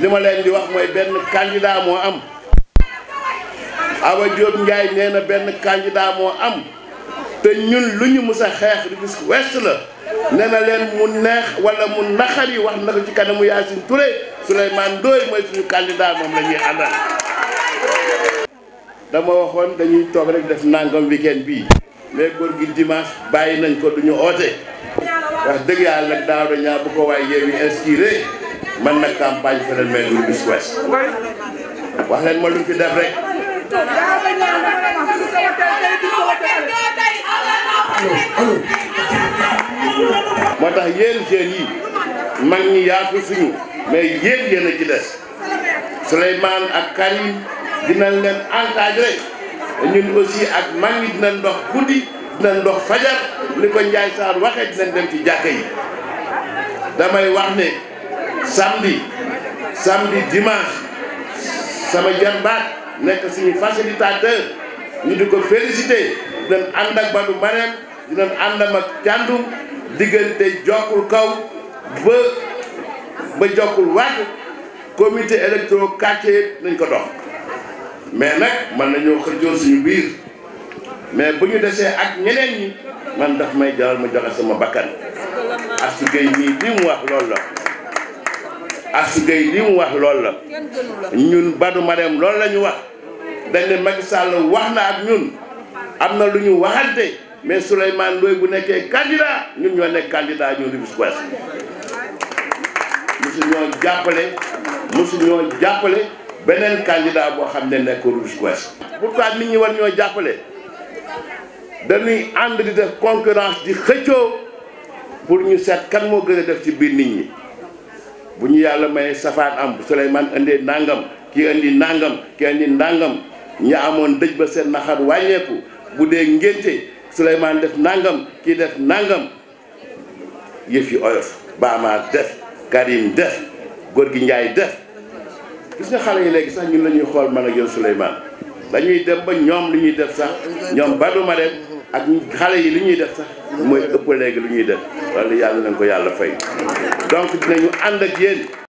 li ma leen di wax mooy benn candidat moo am Awa Diop Ndiaye nee na benn candidat moo am te ñun lu ñu mus a xeex Rufisque Ouest la nee na leen mu neex wala mu yi wax na ko ci kanamu Yacine Touré Souleymane Ndoye mooy suñu candidat moom la ñuy àndal. dama waxoon dañuy toog rek def nangam weekend bii mais góor gi dimanche bàyyi nañ ko duñu oote wax dëgg yàlla daa daaw bu ko waaye yeewi inspiré man nag campagne feneen mel ni bis west wax leen ma lu fi def rek. moo tax yéen jeunes yi mag ñi yaatu suñu mais yéen yéen a ci des Souleymane ak Karim dinañ leen encadré ñun aussi ak mag ñi dinañ dox guddi dinañ dox fajar li ko Ndiaye saar waxee dinañ dem ci jàkka yi damay wax ne. samedi samedi dimanche sama jambat nek suñu facilitateur ñu diko féliciter dem and ak babu mariam dina and ak tiandu digënté jokul kaw ba ba jokul wacc comité électro quartier nañ ko dox mais nak man nañu xëjjo suñu biir mais buñu déssé ak ñeneen ñi man daf may jaral ma joxe sama bakkan ak ci gey ni bi mu wax loolu ak si Gueye li mu wax lool la ñun Badou Marème loolu la ñu wax dañ ne Macky Sall wax na ak ñun am na lu ñu waxante mais Souleymane Ndoye bu nekkee candidat ñun ñoo nekk candidat ñun Rufisque Ouest mosu ñoo jàppale mosu ñoo jàppale beneen candidat boo xam ne nekk Rufisque Ouest pourquoi nit ñi war ñoo jàppale dañuy ànd di def concurrence di xëccoo pour ñu set kan moo gën a def ci biir nit ñi bu ñu yàlla may safaan am Souleymane indee nangam ki indi nangam ki indi nangam ñi amoon dëj ba seen naxar wàññeeku bu dee ngénte Souleymane def nangam kii def nangam yëf yi oyof Baama def Karim def góor gi Njaay def gis nga xale yi léegi sax ñun la ñuy xool man ak yow Souleymane dañuy dem ba ñoom lu ñuy def sax ñoom Badou Marème ak xale yi li ñuy def sax mooy ëpp léegi lu ñuy def wala yàlla nañ ko yàlla fay donc dinañu ànd ak yéen.